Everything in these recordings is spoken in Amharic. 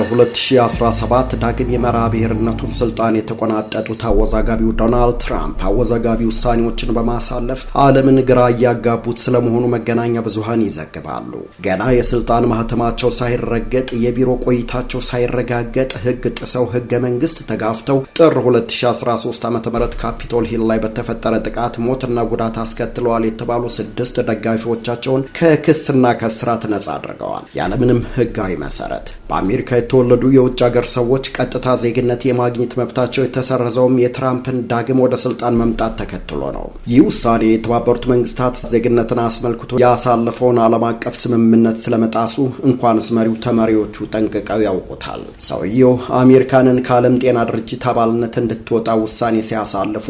በ2017 ዳግም የመራ ብሔርነቱን ስልጣን የተቆናጠጡት አወዛጋቢው ዶናልድ ትራምፕ አወዛጋቢ ውሳኔዎችን በማሳለፍ ዓለምን ግራ እያጋቡት ስለመሆኑ መገናኛ ብዙሃን ይዘግባሉ። ገና የስልጣን ማህተማቸው ሳይረገጥ፣ የቢሮ ቆይታቸው ሳይረጋገጥ ህግ ጥሰው ህገ መንግስት ተጋፍተው ጥር 2013 ዓ ም ካፒቶል ሂል ላይ በተፈጠረ ጥቃት ሞትና ጉዳት አስከትለዋል የተባሉ ስድስት ደጋፊዎቻቸውን ከክስና ከስራት ነጻ አድርገዋል ያለምንም ህጋዊ መሰረት በአሜሪካ የተወለዱ የውጭ ሀገር ሰዎች ቀጥታ ዜግነት የማግኘት መብታቸው የተሰረዘውም የትራምፕን ዳግም ወደ ስልጣን መምጣት ተከትሎ ነው። ይህ ውሳኔ የተባበሩት መንግስታት ዜግነትን አስመልክቶ ያሳለፈውን ዓለም አቀፍ ስምምነት ስለመጣሱ እንኳንስ መሪው ተመሪዎቹ ጠንቅቀው ያውቁታል። ሰውየው አሜሪካንን ከዓለም ጤና ድርጅት አባልነት እንድትወጣ ውሳኔ ሲያሳልፉ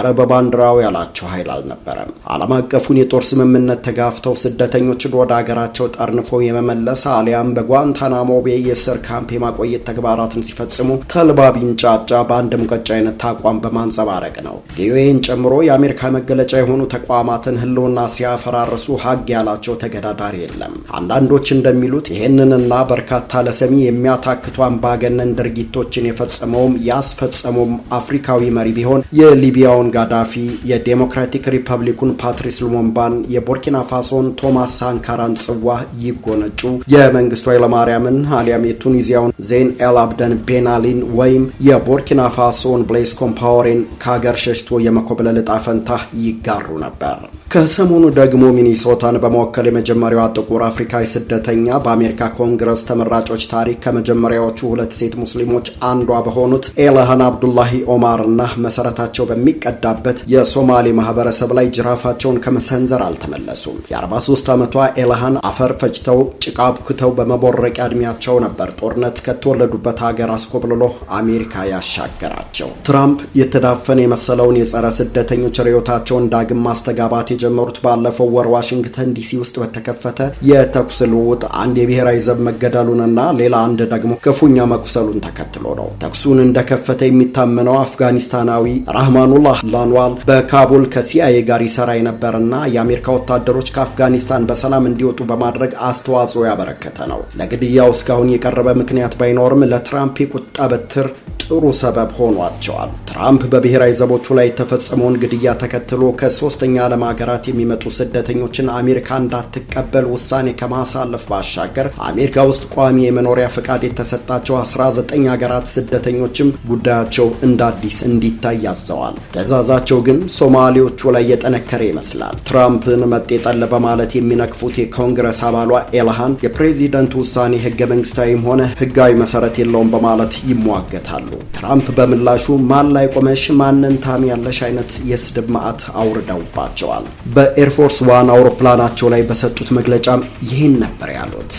እረ በባንዲራው ያላቸው ኃይል አልነበረም። ዓለም አቀፉን የጦር ስምምነት ተጋፍተው ስደተኞችን ወደ ሀገራቸው ጠርንፎ የመመለስ አሊያም በጓንታናሞ ቤ ካምፕ የማቆየት ተግባራትን ሲፈጽሙ ተልባቢን ጫጫ በአንድ ሙቀጫ አይነት አቋም በማንጸባረቅ ነው። ቪኦኤን ጨምሮ የአሜሪካ መገለጫ የሆኑ ተቋማትን ህልውና ሲያፈራርሱ ሀግ ያላቸው ተገዳዳሪ የለም። አንዳንዶች እንደሚሉት ይህንንና በርካታ ለሰሚ የሚያታክቱ አምባገነን ድርጊቶችን የፈጸመውም ያስፈጸመውም አፍሪካዊ መሪ ቢሆን የሊቢያውን ጋዳፊ፣ የዴሞክራቲክ ሪፐብሊኩን ፓትሪስ ሉሙምባን፣ የቡርኪና ፋሶን ቶማስ ሳንካራን ጽዋ ይጎነጩ፣ የመንግስቱ ኃይለማርያምን አሊያም የቱኒ የቱኒዚያውን ዜን ኤልአብደን ቤናሊን ወይም የቦርኪና ፋሶን ብሌስ ኮምፓወሬን ከሀገር ሸሽቶ የመኮብለል ዕጣ ፈንታ ይጋሩ ነበር። ከሰሞኑ ደግሞ ሚኒሶታን በመወከል የመጀመሪያዋ ጥቁር አፍሪካዊ ስደተኛ በአሜሪካ ኮንግረስ ተመራጮች ታሪክ ከመጀመሪያዎቹ ሁለት ሴት ሙስሊሞች አንዷ በሆኑት ኤልሃን አብዱላሂ ኦማር እና መሰረታቸው በሚቀዳበት የሶማሌ ማህበረሰብ ላይ ጅራፋቸውን ከመሰንዘር አልተመለሱም። የ43 ዓመቷ ኤልሃን አፈር ፈጅተው ጭቃ አቡክተው በመቦረቂያ እድሜያቸው ነበር ጦርነት ከተወለዱበት ሀገር አስኮብልሎ አሜሪካ ያሻገራቸው። ትራምፕ የተዳፈነ የመሰለውን የጸረ ስደተኞች ርዕዮታቸውን ዳግም ማስተጋባት የጀመሩት ባለፈው ወር ዋሽንግተን ዲሲ ውስጥ በተከፈተ የተኩስ ልውውጥ አንድ የብሔራዊ ዘብ መገደሉንና ሌላ አንድ ደግሞ ክፉኛ መቁሰሉን ተከትሎ ነው። ተኩሱን እንደከፈተ የሚታመነው አፍጋኒስታናዊ ራህማኑላህ ላንዋል በካቡል ከሲአይኤ ጋር ይሰራ የነበረና የአሜሪካ ወታደሮች ከአፍጋኒስታን በሰላም እንዲወጡ በማድረግ አስተዋጽኦ ያበረከተ ነው። ለግድያው እስካሁን የቀረበ ምክንያት ባይኖርም ለትራምፕ የቁጣ በትር ጥሩ ሰበብ ሆኗቸዋል። ትራምፕ በብሔራዊ ዘቦቹ ላይ የተፈጸመውን ግድያ ተከትሎ ከሶስተኛ ዓለም ሀገራት ሀገራት የሚመጡ ስደተኞችን አሜሪካ እንዳትቀበል ውሳኔ ከማሳለፍ ባሻገር አሜሪካ ውስጥ ቋሚ የመኖሪያ ፈቃድ የተሰጣቸው 19 ሀገራት ስደተኞችም ጉዳያቸው እንደ አዲስ እንዲታይ ያዘዋል። ትዕዛዛቸው ግን ሶማሌዎቹ ላይ የጠነከረ ይመስላል። ትራምፕን መጤጠል በማለት የሚነቅፉት የኮንግረስ አባሏ ኤልሃን የፕሬዚደንቱ ውሳኔ ህገ መንግስታዊም ሆነ ህጋዊ መሰረት የለውም በማለት ይሟገታሉ። ትራምፕ በምላሹ ማን ላይ ቆመሽ ማንን ታሚ ያለሽ አይነት የስድብ ማዕት አውርደውባቸዋል። በኤርፎርስ ዋን አውሮፕላናቸው ላይ በሰጡት መግለጫም ይህን ነበር ያሉት።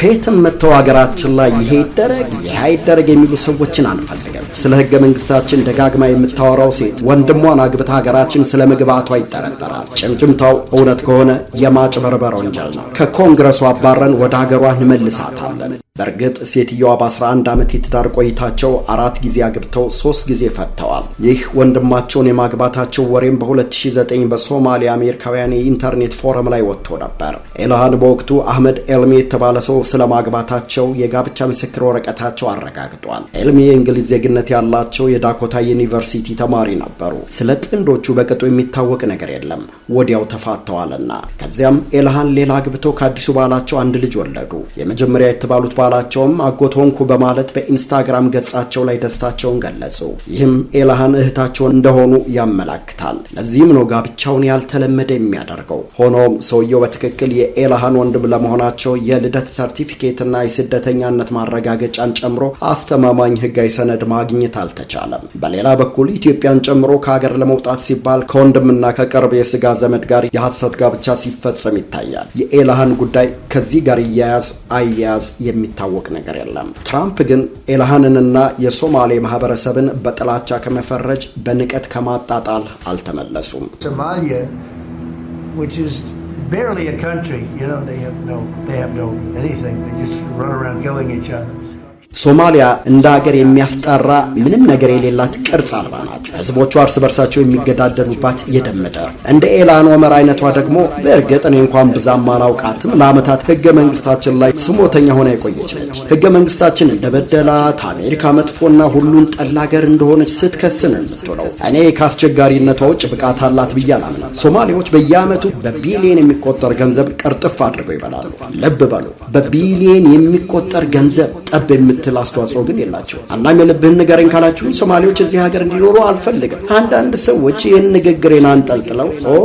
ከየትም መጥተው ሀገራችን ላይ ይሄ ይደረግ ይህ አይደረግ የሚሉ ሰዎችን አንፈልግም። ስለ ህገ መንግስታችን ደጋግማ የምታወራው ሴት ወንድሟን አግብታ ሀገራችን ስለ መግባቷ ይጠረጠራል። ጭምጭምታው እውነት ከሆነ የማጭበርበር ወንጀል ነው። ከኮንግረሱ አባረን ወደ ሀገሯ እንመልሳታለን። በእርግጥ ሴትየዋ በ11 ዓመት የትዳር ቆይታቸው አራት ጊዜ አግብተው ሶስት ጊዜ ፈተዋል። ይህ ወንድማቸውን የማግባታቸው ወሬም በ2009 በሶማሊያ አሜሪካውያን የኢንተርኔት ፎረም ላይ ወጥቶ ነበር። ኤልሃን በወቅቱ አህመድ ኤልሜ የተባለ ሰው ስለ ማግባታቸው የጋብቻ ምስክር ወረቀታቸው አረጋግጧል። ኤልሜ የእንግሊዝ ዜግነት ያላቸው የዳኮታ ዩኒቨርሲቲ ተማሪ ነበሩ። ስለ ጥንዶቹ በቅጡ የሚታወቅ ነገር የለም። ወዲያው ተፋተዋልና ከዚያም ኤልሃን ሌላ አግብተው ከአዲሱ ባላቸው አንድ ልጅ ወለዱ። የመጀመሪያ የተባሉት በመባላቸውም አጎት ሆንኩ በማለት በኢንስታግራም ገጻቸው ላይ ደስታቸውን ገለጹ። ይህም ኤልሃን እህታቸውን እንደሆኑ ያመላክታል። ለዚህም ነው ጋብቻውን ያልተለመደ የሚያደርገው። ሆኖም ሰውየው በትክክል የኤልሃን ወንድም ለመሆናቸው የልደት ሰርቲፊኬትና የስደተኛነት ማረጋገጫን ጨምሮ አስተማማኝ ህጋዊ ሰነድ ማግኘት አልተቻለም። በሌላ በኩል ኢትዮጵያን ጨምሮ ከሀገር ለመውጣት ሲባል ከወንድምና ከቅርብ የስጋ ዘመድ ጋር የሐሰት ጋብቻ ሲፈጸም ይታያል። የኤልሃን ጉዳይ ከዚህ ጋር እያያዝ አያያዝ የሚ የሚታወቅ ነገር የለም። ትራምፕ ግን ኤልሃንንና የሶማሌ ማህበረሰብን በጥላቻ ከመፈረጅ በንቀት ከማጣጣል አልተመለሱም። ሶማሊያ ሶማሊያ እንደ ሀገር የሚያስጠራ ምንም ነገር የሌላት ቅርጽ አልባ ናት። ህዝቦቹ እርስ በርሳቸው የሚገዳደሉባት የደመደ እንደ ኤላን ኦመር አይነቷ ደግሞ በእርግጥ እኔ እንኳን ብዛም አላውቃትም ለአመታት ህገ መንግስታችን ላይ ስሞተኛ ሆና የቆየች ነች። ህገ መንግስታችን እንደበደላት አሜሪካ መጥፎና ሁሉን ጠላ ሀገር እንደሆነች ስትከስን ነው የምትውለው። እኔ ከአስቸጋሪነቷ ውጭ ብቃት አላት ብዬ አላምንም። ሶማሌዎች በየዓመቱ በቢሊየን የሚቆጠር ገንዘብ ቅርጥፍ አድርገው ይበላሉ። ልብ በሉ፣ በቢሊየን የሚቆጠር ገንዘብ ጠብ የምት የምትል አስተዋጽኦ ግን የላቸው። አናም የልብህን ንገረኝ ካላችሁን ሶማሌዎች እዚህ ሀገር እንዲኖሩ አልፈልግም። አንዳንድ ሰዎች ይህን ንግግሬን አንጠልጥለው ኦ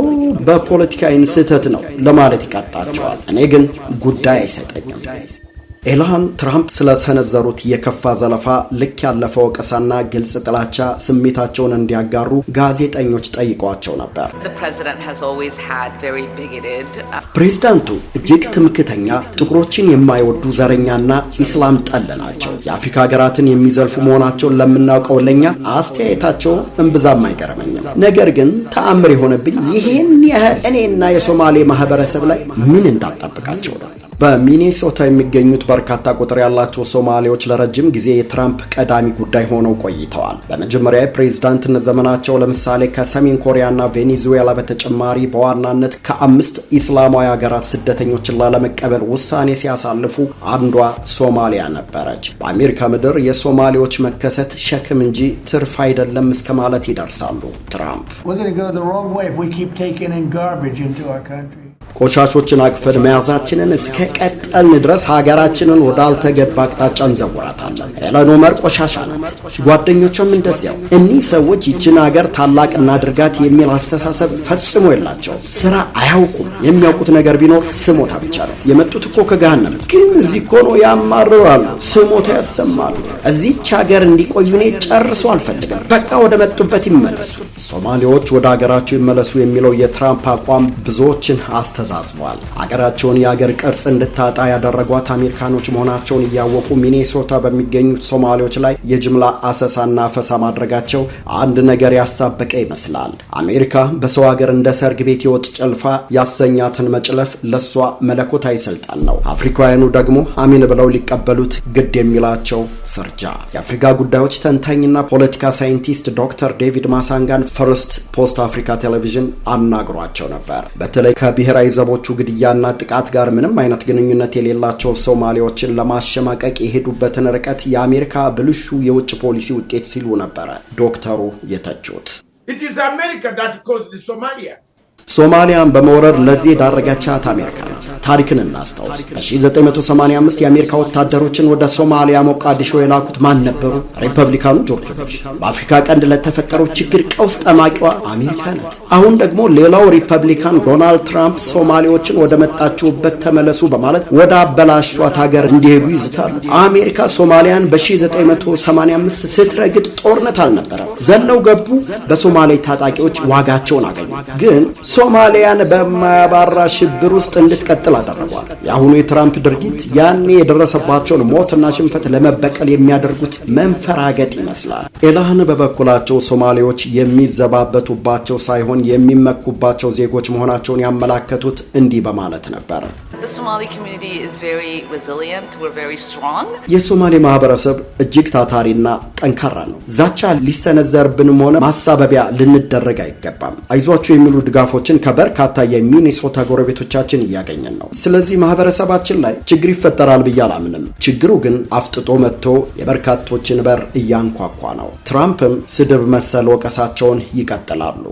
ስህተት ነው ለማለት ይቃጣቸዋል። እኔ ግን ጉዳይ አይሰጠኝም። ኤልሃን ትራምፕ ስለሰነዘሩት የከፋ ዘለፋ ልክ ያለፈ ወቀሳና ግልጽ ጥላቻ ስሜታቸውን እንዲያጋሩ ጋዜጠኞች ጠይቋቸው ነበር። uh, ፕሬዝዳንቱ እጅግ ትምክተኛ፣ ጥቁሮችን የማይወዱ ዘረኛና ኢስላም ጠል ናቸው። የአፍሪካ ሀገራትን የሚዘልፉ መሆናቸውን ለምናውቀው ለኛ አስተያየታቸው እምብዛም አይገርመኝም። ነገር ግን ተአምር የሆነብኝ ይህን ያህል እኔና የሶማሌ ማህበረሰብ ላይ ምን እንዳጠብቃቸው ነው። በሚኔሶታ የሚገኙት በርካታ ቁጥር ያላቸው ሶማሌዎች ለረጅም ጊዜ የትራምፕ ቀዳሚ ጉዳይ ሆነው ቆይተዋል። በመጀመሪያ የፕሬዝዳንትነት ዘመናቸው ለምሳሌ ከሰሜን ኮሪያና ቬኔዙዌላ በተጨማሪ በዋናነት ከአምስት ኢስላማዊ ሀገራት ስደተኞችን ላለመቀበል ውሳኔ ሲያሳልፉ አንዷ ሶማሊያ ነበረች። በአሜሪካ ምድር የሶማሌዎች መከሰት ሸክም እንጂ ትርፍ አይደለም እስከ ማለት ይደርሳሉ ትራምፕ ቆሻሾችን አቅፈን መያዛችንን እስከ ቀጠልን ድረስ ሀገራችንን ወዳልተገባ አቅጣጫ እንዘወራታለን። ኤለን ኦመር ቆሻሻ ናት፣ ጓደኞቿም እንደዚያው። እኒህ ሰዎች ይችን ሀገር ታላቅ እናድርጋት የሚል አስተሳሰብ ፈጽሞ የላቸው ስራ አያውቁም። የሚያውቁት ነገር ቢኖር ስሞታ ብቻ ነው። የመጡት እኮ ከገሃነም ግን እዚህ እኮ ነው ያማርራሉ፣ ስሞታ ያሰማሉ። እዚች ሀገር እንዲቆዩ እኔ ጨርሶ አልፈልግም። በቃ ወደ መጡበት ይመለሱ። ሶማሌዎች ወደ ሀገራቸው ይመለሱ የሚለው የትራምፕ አቋም ብዙዎችን አስተ ተዛዝሟል። አገራቸውን የአገር ቅርጽ እንድታጣ ያደረጓት አሜሪካኖች መሆናቸውን እያወቁ ሚኔሶታ በሚገኙት ሶማሌዎች ላይ የጅምላ አሰሳና አፈሳ ማድረጋቸው አንድ ነገር ያስታበቀ ይመስላል። አሜሪካ በሰው ሀገር እንደ ሰርግ ቤት የወጥ ጨልፋ ያሰኛትን መጭለፍ ለሷ መለኮታዊ ስልጣን ነው። አፍሪካውያኑ ደግሞ አሚን ብለው ሊቀበሉት ግድ የሚላቸው ፍርጃ የአፍሪካ ጉዳዮች ተንታኝና ፖለቲካ ሳይንቲስት ዶክተር ዴቪድ ማሳንጋን ፈርስት ፖስት አፍሪካ ቴሌቪዥን አናግሯቸው ነበር። በተለይ ከብሔራዊ ዘቦቹ ግድያና ጥቃት ጋር ምንም አይነት ግንኙነት የሌላቸው ሶማሌዎችን ለማሸማቀቅ የሄዱበትን ርቀት የአሜሪካ ብልሹ የውጭ ፖሊሲ ውጤት ሲሉ ነበረ ዶክተሩ የተቹት። ሶማሊያን በመውረር ለዚህ የዳረገቻት አሜሪካ ታሪክን እናስታውስ። በ1985 የአሜሪካ ወታደሮችን ወደ ሶማሊያ ሞቃዲሾ የላኩት ማን ነበሩ? ሪፐብሊካኑ ጆርጅ ቡሽ። በአፍሪካ ቀንድ ለተፈጠረው ችግር ቀውስ ጠማቂዋ አሜሪካ ናት። አሁን ደግሞ ሌላው ሪፐብሊካን ዶናልድ ትራምፕ ሶማሌዎችን ወደ መጣችሁበት ተመለሱ በማለት ወደ አበላሿት ሀገር እንዲሄዱ ይዝታሉ። አሜሪካ ሶማሊያን በ1985 ስትረግጥ ጦርነት አልነበረም። ዘለው ገቡ። በሶማሌ ታጣቂዎች ዋጋቸውን አገኙ። ግን ሶማሊያን በማያባራ ሽብር ውስጥ እንድትቀጥል አቀርቧል። የአሁኑ የትራምፕ ድርጊት ያኔ የደረሰባቸውን ሞትና ሽንፈት ለመበቀል የሚያደርጉት መንፈራገጥ ይመስላል። ኤልሃን በበኩላቸው ሶማሌዎች የሚዘባበቱባቸው ሳይሆን የሚመኩባቸው ዜጎች መሆናቸውን ያመላከቱት እንዲህ በማለት ነበር። የሶማሌ ማህበረሰብ እጅግ ታታሪና ጠንካራ ነው። ዛቻ ሊሰነዘርብንም ሆነ ማሳበቢያ ልንደረግ አይገባም። አይዟችሁ የሚሉ ድጋፎችን ከበርካታ የሚኒሶታ ጎረቤቶቻችን እያገኘን ነው። ስለዚህ ማህበረሰባችን ላይ ችግር ይፈጠራል ብዬ አላምንም። ችግሩ ግን አፍጥጦ መጥቶ የበርካቶችን በር እያንኳኳ ነው። ትራምፕም ስድብ መሰል ወቀሳቸውን ይቀጥላሉ።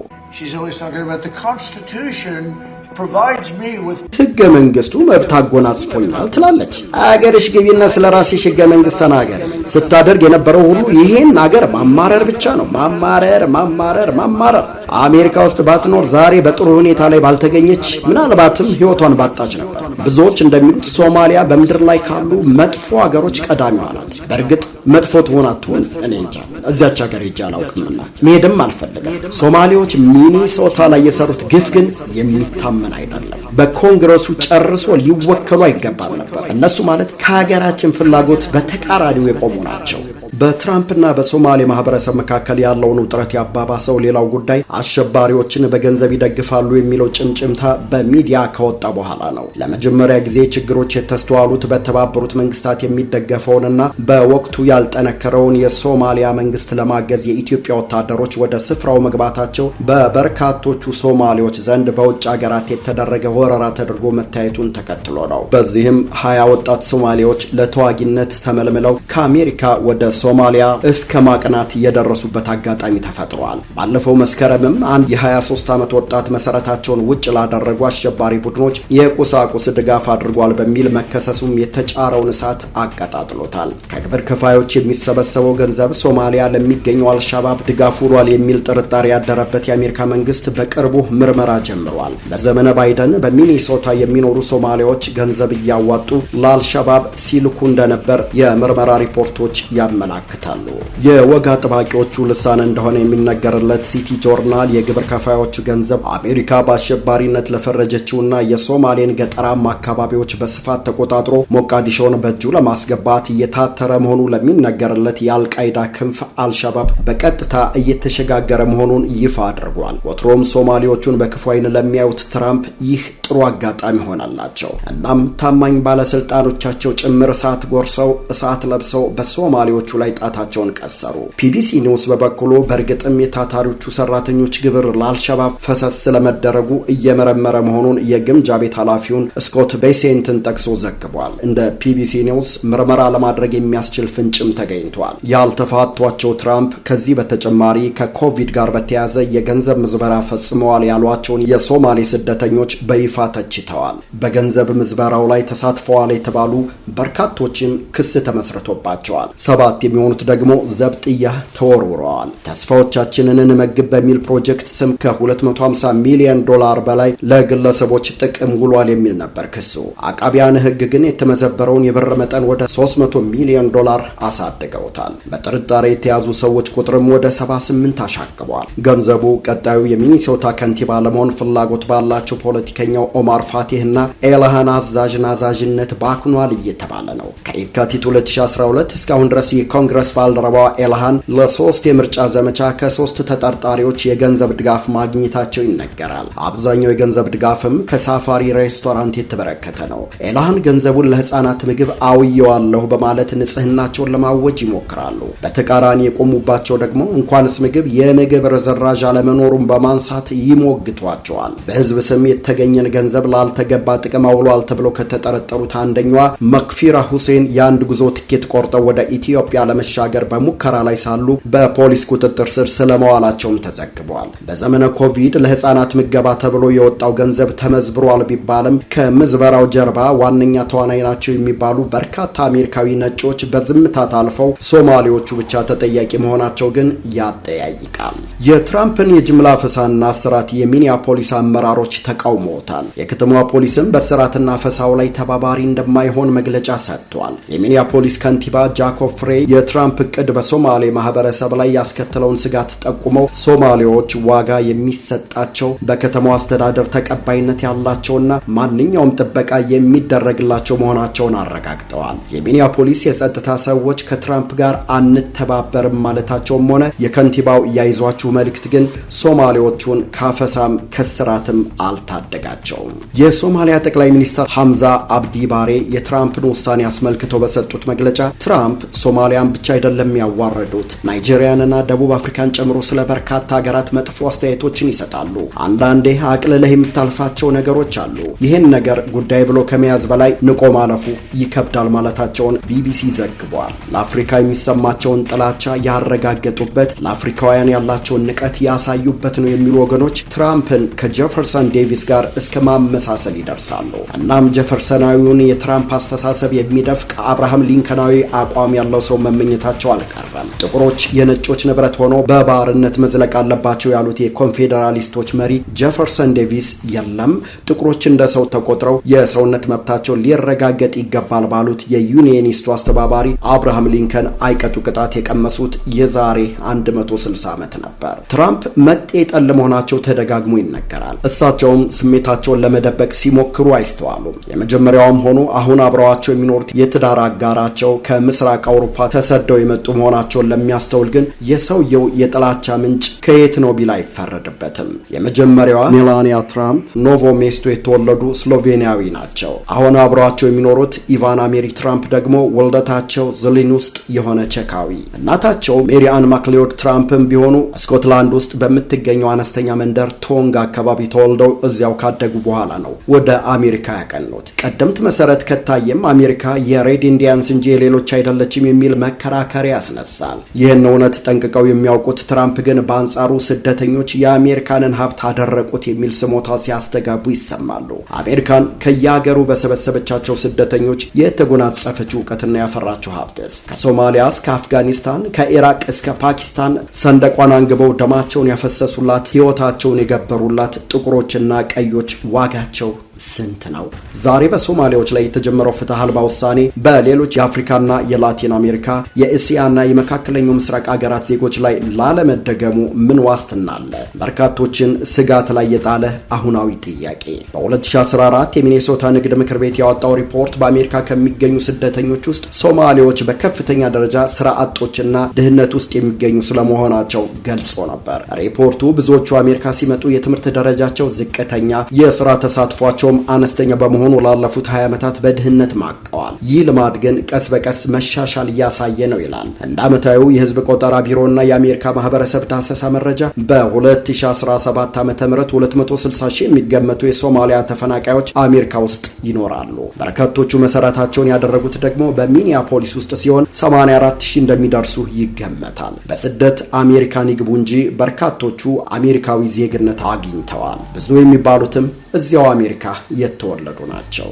ህገ መንግስቱ መብት አጎናጽፎኛል ትላለች። አገርሽ ግቢና ስለ ራስሽ ህገ መንግስት ተናገር። ስታደርግ የነበረው ሁሉ ይሄን አገር ማማረር ብቻ ነው። ማማረር፣ ማማረር፣ ማማረር። አሜሪካ ውስጥ ባትኖር ዛሬ በጥሩ ሁኔታ ላይ ባልተገኘች፣ ምናልባትም ህይወቷን ባጣች ነበር። ብዙዎች እንደሚሉት ሶማሊያ በምድር ላይ ካሉ መጥፎ አገሮች ቀዳሚዋ ናት። በእርግጥ መጥፎ ትሆን አትሆን እኔ እንጃ፣ እዚያች ሀገር ሄጄ አላውቅምና መሄድም አልፈልገም። ሶማሌዎች ሚኒሶታ ላይ የሰሩት ግፍ ግን የሚታመን አይደለም። በኮንግረሱ ጨርሶ ሊወከሉ አይገባም ነበር። እነሱ ማለት ከሀገራችን ፍላጎት በተቃራኒው የቆሙ ናቸው። በትራምፕና በሶማሌ ማህበረሰብ መካከል ያለውን ውጥረት ያባባሰው ሌላው ጉዳይ አሸባሪዎችን በገንዘብ ይደግፋሉ የሚለው ጭምጭምታ በሚዲያ ከወጣ በኋላ ነው። ለመጀመሪያ ጊዜ ችግሮች የተስተዋሉት በተባበሩት መንግስታት የሚደገፈውንና በወቅቱ ያልጠነከረውን የሶማሊያ መንግስት ለማገዝ የኢትዮጵያ ወታደሮች ወደ ስፍራው መግባታቸው በበርካቶቹ ሶማሌዎች ዘንድ በውጭ ሀገራት የተደረገ ወረራ ተደርጎ መታየቱን ተከትሎ ነው። በዚህም ሀያ ወጣት ሶማሌዎች ለተዋጊነት ተመልምለው ከአሜሪካ ወደ ሶማሊያ እስከ ማቅናት የደረሱበት አጋጣሚ ተፈጥሯል። ባለፈው መስከረምም አንድ የ23 ዓመት ወጣት መሰረታቸውን ውጭ ላደረጉ አሸባሪ ቡድኖች የቁሳቁስ ድጋፍ አድርጓል በሚል መከሰሱም የተጫረውን እሳት አቀጣጥሎታል። ከግብር ከፋዮች የሚሰበሰበው ገንዘብ ሶማሊያ ለሚገኘው አልሻባብ ድጋፍ ውሏል የሚል ጥርጣሬ ያደረበት የአሜሪካ መንግስት በቅርቡ ምርመራ ጀምሯል። በዘመነ ባይደን በሚኒሶታ የሚኖሩ ሶማሊያዎች ገንዘብ እያዋጡ ለአልሸባብ ሲልኩ እንደነበር የምርመራ ሪፖርቶች ያመላል ያመላክታሉ። የወግ አጥባቂዎቹ ልሳን እንደሆነ የሚነገርለት ሲቲ ጆርናል የግብር ከፋዮቹ ገንዘብ አሜሪካ በአሸባሪነት ለፈረጀችውና የሶማሌን ገጠራማ አካባቢዎች በስፋት ተቆጣጥሮ ሞቃዲሾን በእጁ ለማስገባት እየታተረ መሆኑ ለሚነገርለት የአልቃይዳ ክንፍ አልሸባብ በቀጥታ እየተሸጋገረ መሆኑን ይፋ አድርጓል። ወትሮም ሶማሌዎቹን በክፉ አይን ለሚያዩት ትራምፕ ይህ ጥሩ አጋጣሚ ሆናላቸው። እናም ታማኝ ባለስልጣኖቻቸው ጭምር እሳት ጎርሰው እሳት ለብሰው በሶማሌዎቹ ላይ ላይ ጣታቸውን ቀሰሩ። ፒቢሲ ኒውስ በበኩሉ በእርግጥም የታታሪዎቹ ሰራተኞች ግብር ለአልሸባብ ፈሰስ ስለመደረጉ እየመረመረ መሆኑን የግምጃ ቤት ኃላፊውን ስኮት ቤሴንትን ጠቅሶ ዘግቧል። እንደ ፒቢሲ ኒውስ ምርመራ ለማድረግ የሚያስችል ፍንጭም ተገኝቷል። ያልተፋቷቸው ትራምፕ ከዚህ በተጨማሪ ከኮቪድ ጋር በተያያዘ የገንዘብ ምዝበራ ፈጽመዋል ያሏቸውን የሶማሌ ስደተኞች በይፋ ተችተዋል። በገንዘብ ምዝበራው ላይ ተሳትፈዋል የተባሉ በርካቶችም ክስ ተመስርቶባቸዋል። ሰባት የሚሆኑት ደግሞ ዘብጥያ ተወርውረዋል። ተስፋዎቻችንን እንመግብ በሚል ፕሮጀክት ስም ከ250 ሚሊዮን ዶላር በላይ ለግለሰቦች ጥቅም ውሏል የሚል ነበር ክሱ። አቃቢያን ሕግ ግን የተመዘበረውን የብር መጠን ወደ 300 ሚሊዮን ዶላር አሳድገውታል። በጥርጣሬ የተያዙ ሰዎች ቁጥርም ወደ 78 አሻቅቧል። ገንዘቡ ቀጣዩ የሚኒሶታ ከንቲባ ለመሆን ፍላጎት ባላቸው ፖለቲከኛው ኦማር ፋቲህ እና ኤልሃን አዛዥ ናዛዥነት ባክኗል እየተባለ ነው። ከየካቲት 2012 እስካሁን ድረስ የኮንግ የኮንግረስ ባልደረባዋ ኤልሃን ለሶስት የምርጫ ዘመቻ ከሶስት ተጠርጣሪዎች የገንዘብ ድጋፍ ማግኘታቸው ይነገራል። አብዛኛው የገንዘብ ድጋፍም ከሳፋሪ ሬስቶራንት የተበረከተ ነው። ኤልሃን ገንዘቡን ለህፃናት ምግብ አውየዋለሁ በማለት ንጽህናቸውን ለማወጅ ይሞክራሉ። በተቃራኒ የቆሙባቸው ደግሞ እንኳንስ ምግብ የምግብ ርዝራዥ አለመኖሩን በማንሳት ይሞግቷቸዋል። በህዝብ ስም የተገኘን ገንዘብ ላልተገባ ጥቅም አውሏል ተብለው ከተጠረጠሩት አንደኛዋ መክፊራ ሁሴን የአንድ ጉዞ ትኬት ቆርጠው ወደ ኢትዮጵያ ለመሻገር በሙከራ ላይ ሳሉ በፖሊስ ቁጥጥር ስር ስለመዋላቸውም ተዘግበዋል። በዘመነ ኮቪድ ለህፃናት ምገባ ተብሎ የወጣው ገንዘብ ተመዝብሯል ቢባልም ከምዝበራው ጀርባ ዋነኛ ተዋናይ ናቸው የሚባሉ በርካታ አሜሪካዊ ነጮች በዝምታ ታልፈው ሶማሌዎቹ ብቻ ተጠያቂ መሆናቸው ግን ያጠያይቃል። የትራምፕን የጅምላ ፈሳና እስራት የሚኒያፖሊስ አመራሮች ተቃውመውታል። የከተማዋ ፖሊስም በእስራትና ፈሳው ላይ ተባባሪ እንደማይሆን መግለጫ ሰጥቷል። የሚኒያፖሊስ ከንቲባ ጃኮብ የ የትራምፕ እቅድ በሶማሌ ማህበረሰብ ላይ ያስከተለውን ስጋት ጠቁመው ሶማሌዎች ዋጋ የሚሰጣቸው በከተማው አስተዳደር ተቀባይነት ያላቸውና ማንኛውም ጥበቃ የሚደረግላቸው መሆናቸውን አረጋግጠዋል። የሚኒያፖሊስ የጸጥታ ሰዎች ከትራምፕ ጋር አንተባበርም ማለታቸውም ሆነ የከንቲባው ያይዟችሁ መልእክት ግን ሶማሌዎቹን ካፈሳም ከስራትም አልታደጋቸውም። የሶማሊያ ጠቅላይ ሚኒስትር ሐምዛ አብዲ ባሬ የትራምፕን ውሳኔ አስመልክተው በሰጡት መግለጫ ትራምፕ ሶማሊያን ብቻ አይደለም ያዋረዱት፣ ናይጄሪያንና ደቡብ አፍሪካን ጨምሮ ስለ በርካታ ሀገራት መጥፎ አስተያየቶችን ይሰጣሉ። አንዳንዴ አቅልለህ የምታልፋቸው ነገሮች አሉ። ይህን ነገር ጉዳይ ብሎ ከመያዝ በላይ ንቆ ማለፉ ይከብዳል ማለታቸውን ቢቢሲ ዘግቧል። ለአፍሪካ የሚሰማቸውን ጥላቻ ያረጋገጡበት፣ ለአፍሪካውያን ያላቸውን ንቀት ያሳዩበት ነው የሚሉ ወገኖች ትራምፕን ከጀፈርሰን ዴቪስ ጋር እስከ ማመሳሰል ይደርሳሉ። እናም ጀፈርሰናዊውን የትራምፕ አስተሳሰብ የሚደፍቅ አብርሃም ሊንከናዊ አቋም ያለው ሰው መመኘታቸው አልቀረም። ጥቁሮች የነጮች ንብረት ሆኖ በባርነት መዝለቅ አለባቸው ያሉት የኮንፌዴራሊስቶች መሪ ጄፈርሰን ዴቪስ የለም ጥቁሮች እንደ ሰው ተቆጥረው የሰውነት መብታቸው ሊረጋገጥ ይገባል ባሉት የዩኒየኒስቱ አስተባባሪ አብርሃም ሊንከን አይቀጡ ቅጣት የቀመሱት የዛሬ 160 ዓመት ነበር። ትራምፕ መጤ ጠል መሆናቸው ተደጋግሞ ይነገራል። እሳቸውም ስሜታቸውን ለመደበቅ ሲሞክሩ አይስተዋሉም። የመጀመሪያውም ሆኖ አሁን አብረዋቸው የሚኖሩት የትዳር አጋራቸው ከምስራቅ አውሮፓ ተሰደው የመጡ መሆናቸውን ለሚያስተውል ግን የሰውየው የጥላቻ ምንጭ ከየት ነው ቢል አይፈረድበትም። የመጀመሪያዋ ሜላኒያ ትራምፕ ኖቮ ሜስቶ የተወለዱ ስሎቬኒያዊ ናቸው። አሁን አብሯቸው የሚኖሩት ኢቫና ሜሪ ትራምፕ ደግሞ ወልደታቸው ዝሊን ውስጥ የሆነ ቸካዊ እናታቸው ሜሪ ማክሌዮድ ትራምፕም ቢሆኑ ስኮትላንድ ውስጥ በምትገኘው አነስተኛ መንደር ቶንግ አካባቢ ተወልደው እዚያው ካደጉ በኋላ ነው ወደ አሜሪካ ያቀኑት። ቀደምት መሰረት ከታየም አሜሪካ የሬድ ኢንዲያንስ እንጂ የሌሎች አይደለችም የሚል መከራከር ያስነሳል። ይህን እውነት ጠንቅቀው የሚያውቁት ትራምፕ ግን በአንጻሩ ስደተኞች የአሜሪካንን ሀብት አደረቁት የሚል ስሞታ ሲያስተጋቡ ይሰማሉ። አሜሪካን ከየሀገሩ በሰበሰበቻቸው ስደተኞች የተጎናጸፈችው እውቀትና ያፈራችው ሀብትስ ከሶማሊያ እስከ አፍጋኒስታን ከኢራቅ እስከ ፓኪስታን ሰንደቋን አንግበው ደማቸውን ያፈሰሱላት ሕይወታቸውን የገበሩላት ጥቁሮችና ቀዮች ዋጋቸው ስንት ነው? ዛሬ በሶማሌዎች ላይ የተጀመረው ፍትህ አልባ ውሳኔ በሌሎች የአፍሪካና የላቲን አሜሪካ የእስያና የመካከለኛው ምስራቅ ሀገራት ዜጎች ላይ ላለመደገሙ ምን ዋስትና አለ? በርካቶችን ስጋት ላይ የጣለ አሁናዊ ጥያቄ። በ2014 የሚኔሶታ ንግድ ምክር ቤት ያወጣው ሪፖርት በአሜሪካ ከሚገኙ ስደተኞች ውስጥ ሶማሌዎች በከፍተኛ ደረጃ ስራ አጦችና ድህነት ውስጥ የሚገኙ ስለመሆናቸው ገልጾ ነበር። ሪፖርቱ ብዙዎቹ አሜሪካ ሲመጡ የትምህርት ደረጃቸው ዝቅተኛ፣ የስራ ተሳትፏቸው ገቢያቸውም አነስተኛ በመሆኑ ላለፉት 20 ዓመታት በድህነት ማቀዋል። ይህ ልማድ ግን ቀስ በቀስ መሻሻል እያሳየ ነው ይላል። እንደ ዓመታዊው የህዝብ ቆጠራ ቢሮና የአሜሪካ ማህበረሰብ ዳሰሳ መረጃ በ2017 ዓ ም 260 ሺህ የሚገመቱ የሶማሊያ ተፈናቃዮች አሜሪካ ውስጥ ይኖራሉ። በርካቶቹ መሰረታቸውን ያደረጉት ደግሞ በሚኒያፖሊስ ውስጥ ሲሆን 84 ሺህ እንደሚደርሱ ይገመታል። በስደት አሜሪካን ይግቡ እንጂ በርካቶቹ አሜሪካዊ ዜግነት አግኝተዋል። ብዙ የሚባሉትም እዚያው አሜሪካ የተወለዱ ናቸው።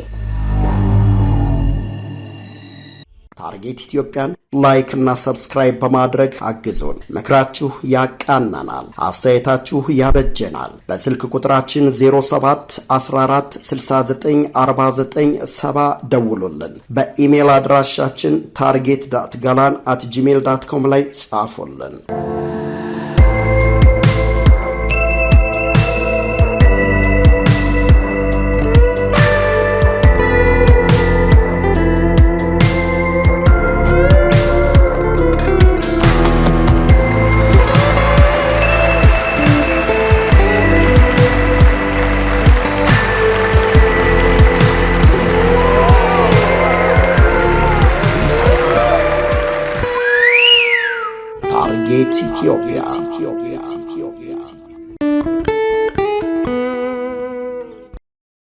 ታርጌት ኢትዮጵያን ላይክ እና ሰብስክራይብ በማድረግ አግዙን። ምክራችሁ ያቃናናል፣ አስተያየታችሁ ያበጀናል። በስልክ ቁጥራችን 07 ደውሉልን። በኢሜል አድራሻችን ታርጌት ዳት ጋላን አት ጂሜል ዳት ኮም ላይ ጻፉልን።